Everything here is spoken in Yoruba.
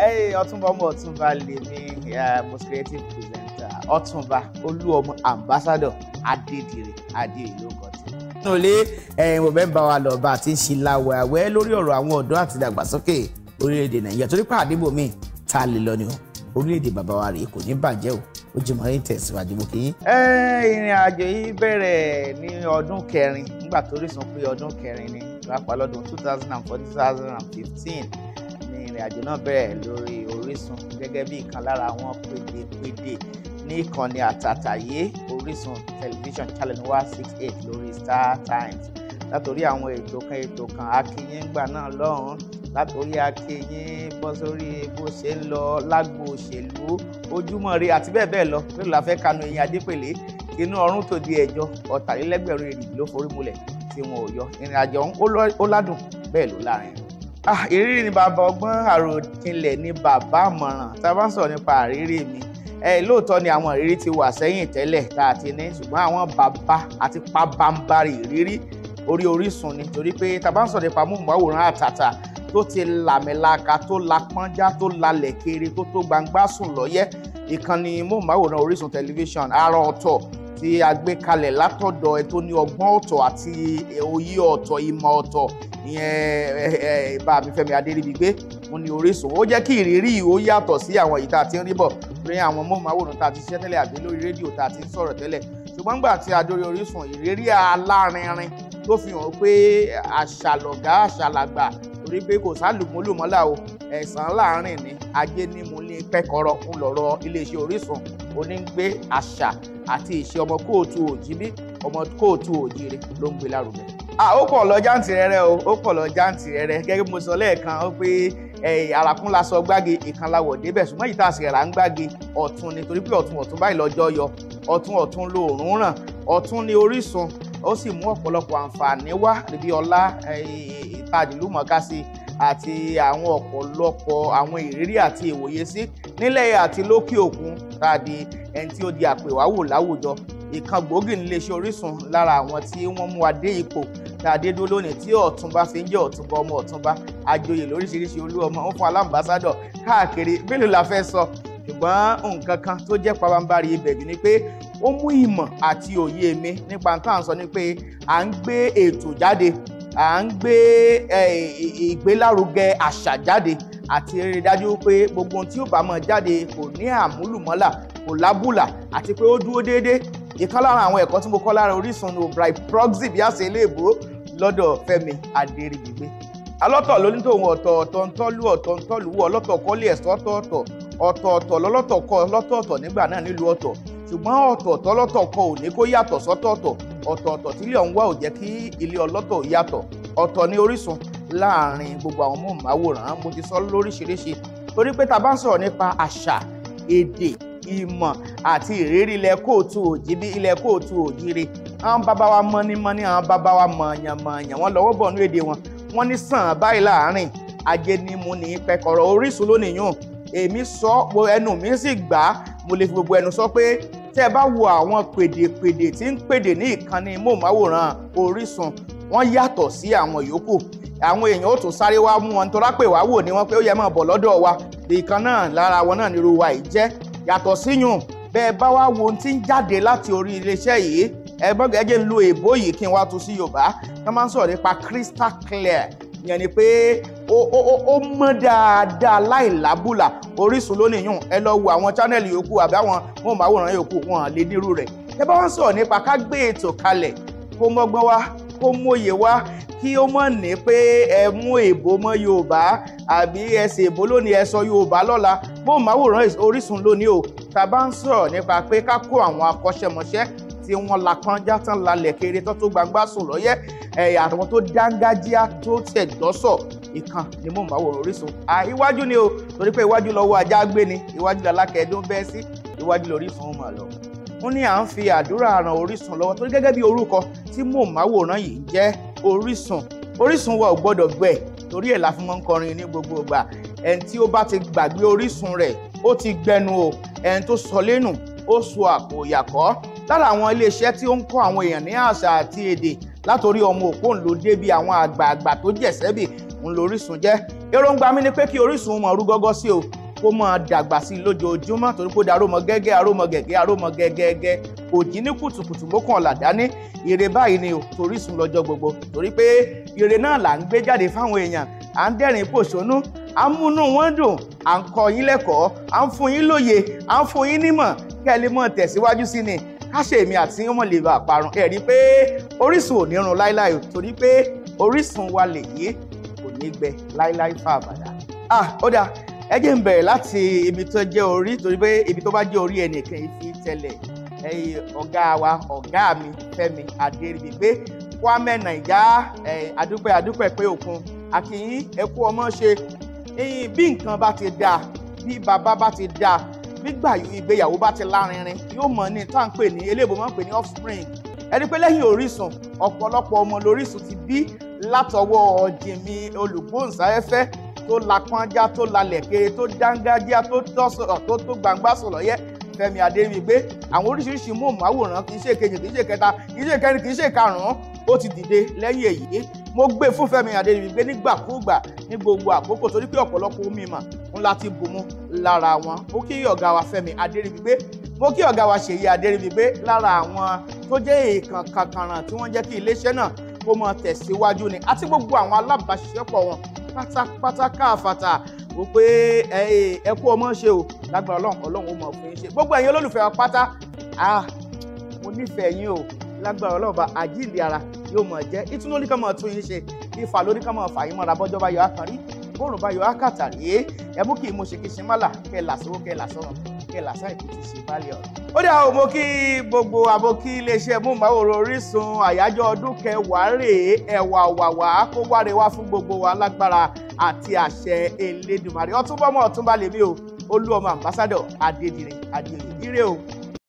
Hey, Ọ̀túnba ọmọ Ọ̀túnba lèmi most creative presenter Ọ̀túnba Olúọmọ ambassador Adédire Adéyẹlógún nínú ilé ẹ̀yìn mo bẹ́ẹ̀ bá wa lọ bá a ti ń ṣe láwẹ̀wẹ́ lórí ọ̀rọ̀ àwọn ọ̀dọ́ àti ìdàgbàsókè orílẹ̀-èdè Nàìjíríà torí ta lè lọ ni o orílẹ̀-èdè bàbá wa rèé kò o ó jẹ́ tẹ̀síwájú ìrìn àjò yìí bẹ̀rẹ̀ ní ọdún kẹrin nígbà tó Orísun pé kẹrin ni lápá two thousand and four thousand and fifteen ni ìrìn àjò náà bẹ̀rẹ̀ lórí Orísun gẹ́gẹ́ bí ìkan lára àwọn pèdèpèdè ní ìkànnì àtàtàyé Orísun tẹlifíṣàn channel one six eight lórí StarTimes látòrí àwọn ètò kan ètò kan akínyìn gbà náà lọ́hùn-ún látòrí akínyìn bọ́ sórí bó ṣe ń lọ lágbo òṣèlú ojúmọ́ rí àti bẹ́ẹ̀ bẹ́ẹ̀ lọ nílùú láfẹ́ kanu ẹ̀yìn adépèlé inú ọ̀run tó di ẹ̀jọ́ ọ̀tàlélẹ́gbẹ̀rún èrì ló forí mulẹ̀ tí wọn ò yọ ìrìn àjò ń ó ládùn bẹ́ẹ̀ ló láàrin. Ah, ìrírí ni bàbá ọgbọ́n àròjinlẹ̀ ni bàbá àmọ̀ràn tá a bá ń sọ̀rọ̀ nípa àrírí mi lóòótọ́ ni àwọn ìrírí ti wà sẹ́yìn tẹ́lẹ̀ tá a ti ní ṣùgbọ́n àwọn bàbá àti pabambarì ìrírí orí Orísun ni torí pé tá a bá ń sọ̀rọ̀ nípa amóhùnmáwòrán àtàtà tó ti làmìlaka tó lapọ́njá tó lalẹ̀ kiri tó tó gbangba sùn lọ́yẹ́ ìkànnì móhùnmáwòrán Orísun tẹlifíṣàn àrà ọ̀tọ̀ tí a gbé kalẹ̀ látọ̀dọ̀ ẹ tó ní ọgbọ́n ọ̀tọ̀ àti òye ọ̀tọ̀ ìmọ̀ ọ̀tọ̀ ìyẹn bá mi Fẹ́mi Adéríbigbé mo ní Orísun ó jẹ́ kí ìrírí ó yàtọ̀ sí àwọn èyí tá a ti ń rí bọ̀ rí àwọn móhùnmáwòrán tá a ti ṣiṣẹ́ tẹ́lẹ̀ àbí lórí rédíò tá a ti sọ̀rọ̀ tẹ́lẹ̀ ṣùgbọ́n gbà tí a dórí Orísun ìrírí alárinrin ló fi hàn pé àṣàlọ̀gá àṣàlàgbà torí pé kò sálùmúlùmọ́là o ẹ̀sán láàrin ni ajé ní mo ní pẹ́kọ̀rọ̀ ń lọ̀rọ̀ iléeṣẹ́ Orísun onígbé àṣà àti ìṣe ọmọ kóòtù òjìbí ọmọ kóòtù òjìrè ló ń gbé lárugẹ. ó pọ̀ lọ jáǹtì rẹ̀rẹ̀ o ó pọ̀ lọ jáǹtì rẹ̀rẹ̀ gẹ́gẹ́ bí mo sọ lẹ́ẹ̀kan ó pé àràkún la sọ gbági ìkan la wọ̀ débẹ̀ ṣùgbọ́n yìí tá a sì rà ń gbági ọ̀tún ni torí pé ọ̀tún ọ̀tún báyìí lọ́jọ́ yọ ọ̀tún ọ̀tún lóòrùn ràn ọ̀tún ni Orísun ó sì mú ọ̀pọ̀lọpọ̀ àǹfààní wá níbi ọlá eh, ìtajìlúmọ̀ọ́ká sí àti àwọn ọ̀pọ̀lọpọ̀ àwọn ìrírí àti ìwòye sí nílẹ̀ àti lókè òkun tá a di ẹni tí ó di àpèwáwò láwùjọ ìkan gbòógì níléeṣẹ́ Orísun lára àwọn tí wọ́n mú wa dé ipò tá a dé dúró lónìí tí ọ̀túnba fi ń jẹ́ ọ̀túnba ọmọ ọ̀túnba àjòyè lóríṣiríṣi olú ọmọ ń fún alámbàsádọ̀ káàkiri bílù la fẹ́ sọ ṣùgbọ́n nǹkan kan tó jẹ́ pabambarì ibẹ̀ jù ni pé ó mú ìmọ̀ àti òye mi nípa tá à ń sọ ni pé à ń gbé ètò jáde à ń gbé ìgbélárugẹ àṣà jáde àti rí dájú pé gbogbo ohun tí ó bá mọ̀ jáde kò ní àmúlùmọ́là kò lábùlà àti pé ó dúró déédéé ìkan lára àwọn ẹ̀kọ́ tí mo kọ́ lára Orísun ní obrai proxy bí àṣẹ iléèbó lọ́dọ̀ Fẹ́mi Adéríbigbé alọ́tọ̀ lónítòun ọ̀tọ̀ ọ̀tọ̀ ntọ́lú ọ̀tọ̀ ntọ́lúwọ̀ ọlọ́tọ̀ kọ́lé ẹ̀sọ́ ọ̀tọ̀ọ̀tọ̀ ọ̀tọ̀ọ̀tọ̀ lọ́lọ́tọ̀ kọ́ ọlọ́tọ̀ọ̀tọ̀ nígbà náà nílùú ọ̀tọ̀ ṣùgbọ́n ọ̀tọ̀ọ̀tọ̀ lọ́tọ̀ kọ ò ní kó yàtọ̀ sọ́tọ̀ọ̀tọ̀ ọ̀tọ̀ọ̀tọ̀ tílé ọ̀hún wà ò jẹ́ kí ilé ọlọ́tọ̀ yàtọ̀ ọ̀tọ̀ ní Orísun láàrin gbogbo àwọn móhùnmáwòrán mo ti sọ lóríṣiríṣi torí pé ta bá ń sọ̀rọ̀ nípa àṣà èdè ìmọ̀ àti ìrírí ilẹ̀ kóòtù òjìbí ilẹ̀ kóòtù òjìrì àwọn bàbá wa mọ́nímọ́ní àwọn bàbá wa mọ̀ọ̀yànmọ̀ọ̀yàn wọn lọ́wọ́ bọ̀ nú èdè wọn wọ́n ní sàn báyìí láàrin ajé ni mo ní pẹkọrọ Orísun lónìí èmi sọ ẹnu mi sì gbà mo lè fi gbogbo ẹnu sọ pé tẹ́ ẹ bá wo àwọn pèdèpèdè tí ń pèdè ní ìkànnì móhùnmáwòrán Orísun wọ́n yàtọ̀ sí àwọn yòókù àwọn èèyàn ó tún sáré wá mú wọn nítorá pé wá wò ní wọn pé ó yẹ máa bọ̀ lọ́dọ̀ wa ìkan náà lára wọn náà nírú wa yìí jẹ́ yàtọ̀ síyùn bẹ́ẹ̀ bá wá wo ohun tí ń jáde láti orí iléeṣẹ́ yìí ẹ gbọ́n gẹ́gẹ́ ń lo èbó yìí kí n wá tún sí Yorùbá wọ́n máa ń sọ̀rọ̀ nípa crystal clear ìyẹn ni pé ó mọ́ dáadáa láìlábùlà Orísun lónìí yùn ẹ lọ wo àwọn chánẹ́ẹ̀lì yòókù àbí àwọn móhùnmáwòrán yòókù wọn lè dírú rẹ̀ ẹ bá wọn sọ̀rọ̀ nípa ká gbé ètò kalẹ̀ kó mọ́gbọ́n wá kó mòye wá kí ó mọ̀ ní pé ẹ mú èbó mọ́ Yorùbá àbí ẹ ṣe èbó lónìí ẹ sọ Yorùbá lọ́la móhùnmáwòrán Orísun lónìí o tá a bá ń sọ̀rọ̀ nípa pé ká kó àwọn akọ́ṣẹ́mọṣẹ́ tí wọ́n lapan játán lalẹ̀ kéré tó tó gbangba sùn lọ́yẹ́ ẹ̀yà àwọn tó dángájíá tó tẹ̀dọ́sọ̀ ìkan ni mò ń bá wòrán Orísun àìwájú ni o torí pé iwájú lọ́wọ́ ajá gbé ni iwájú lalákẹ́ẹ́dún bẹ́ẹ̀ sí iwájú l'Orísun mà lọ wọ́n ní à ń fi àdúrà ran Orísun lọ́wọ́ torí gẹ́gẹ́ bí orúkọ tí mò ń máwòrán yìí jẹ́ Orísun Orísun wa ò gbọ́dọ̀ gbẹ torí ẹ̀ la fi máa ń kọrin ní gbogbo ìgbà ẹni tí ó bá ti gbàgbé Orísun rẹ̀ ó ti gbẹnu o ẹni tó sọ lẹ́nu ó sọ àpòyàkọ́ lára àwọn iléeṣẹ́ tí ó ń kọ́ àwọn èèyàn ní àṣà àti èdè látòrí ọmọ òpóǹlò débi àwọn àgbààgbà tó jẹ̀sẹ́bì ń lo Orísun jẹ́ èròǹgbà mi ni pé kí Orísun mọ̀ rú gọ́gọ́ sí o kó mọ̀ dàgbà sí i lójoojúmọ́ torí kó daró mọ gẹ́gẹ́ aró mọ gẹ́gẹ́ aró mọ gẹ́gẹ́gẹ́ òjì ní kùtùkùtù mọ́kànlá dání ire báyìí ni torísun lọ́jọ́ gbogbo torí pé ire náà là ń gbé jáde fáwọn èèyàn à ń dẹ́rìn pòṣónú à ń múnú wọn dùn à ń kọ́ yín lẹ́kọ̀ọ́ à ń fún yín lóye à ń fún yín nímọ̀ kẹ́ ẹ lè mọ̀ tẹ̀síwájú sí ni káṣe èmi àti ọmọ lè bá àparun ẹ pé Orísun ò ní run láíláì torí pé Orísun wa lèyí nígbẹ láíláí fà àbàdà ah ó dáa ẹ jẹ́ ń bẹ̀rẹ̀ láti ibi tó jẹ́ orí torí pé ibi tó bá jẹ́ orí ẹnìkan ìfi tẹ̀lẹ̀ ẹ̀yìn ọ̀gá wa ọ̀gá mi Fẹ́mi Adéríbigbé Kwame Naija adúpẹ́ adúpẹ́ pé òkun àkìyín ẹkú ọmọ ṣe bí nǹkan bá ti dáa bí bàbá bá ti dáa gbígbà ìgbéyàwó bá ti lárinrin yóò mọ̀ ní tá à ń pè ní eléèbó máa ń pè ní offspring ẹni pé lẹ́yìn Orísun ọ̀pọ̀lọpọ̀ ọmọ lórísun ti bí látọwọ́ jìmí olùgbóhùnsáfẹ́fẹ́ tó lapọ́njá tó lalẹ̀ kere tó dángájá tó tọ́sọ̀rọ̀ tó tó gbangba sọ̀rọ̀ yẹ Fẹ́mi Adéríbigbé àwọn oríṣiríṣi móhùnmáwòrán kì í ṣe kejì kì í ṣe kẹta kì í ṣe kẹrin kì í ṣe karùnún ó ti dìde lẹ́yìn èyí mo gbé fún Fẹ́mi Adéríbigbé nígbàkúùgbà ní gbogbo àkókò torí pé ọ̀pọ̀lọpọ̀ omi ìmọ̀ ńlá ti bùnmu lára wọn ó kí ọ̀gá wa Fẹ́mi Adéríbigbé mo kí ọ̀gá wa Ṣèyí Adéríbigbé lára àwọn tó jẹ́ èèkàn kankanràn tí wọ́n jẹ́ kí iléeṣẹ́ náà kó mọ tẹ̀síwájú ni àti gbogbo àwọn alábàáṣiṣẹ́pọ̀ wọn pátápátá káfàtà wò pé ẹ kú ọmọ ṣe o lágbára ọlọ́run ọlọ́run ó mọ̀ fún yín ṣe gbogbo ẹ̀yin olólùfẹ́ wa pátá mo nífẹ̀ẹ́ yín o lágbára ọlọ́run bá àjíǹde ara yóò mọ̀ jẹ́ ìtúnú oníkan mọ̀ tún yín ṣe ìfà lóníkan mọ̀ fà yín mọ́ra bọ́jọ́ bá yọ akànrí bóòrùn bá yọ akàtàrí ẹ mú kí ìmúṣe kìí ṣe má là kẹ́ làsówó kẹ́ làsọ́rọ̀ kẹ́ làṣà ìkìtì sí balẹ̀ ọ̀rọ̀. ó dà o mo kí gbogbo àbókí iléeṣẹ́ múmáwòrán Orísun àyájọ́ ọdún kẹwàá rèé ẹ̀wà wàwà kó wáre wá fún gbogbo wa lágbára àti àṣẹ Elédùmarè ọtúnbọmọ ọtúnbalẹ̀ o olú ọmọ àmbásádọ̀ adédìrín adéyẹ ire o.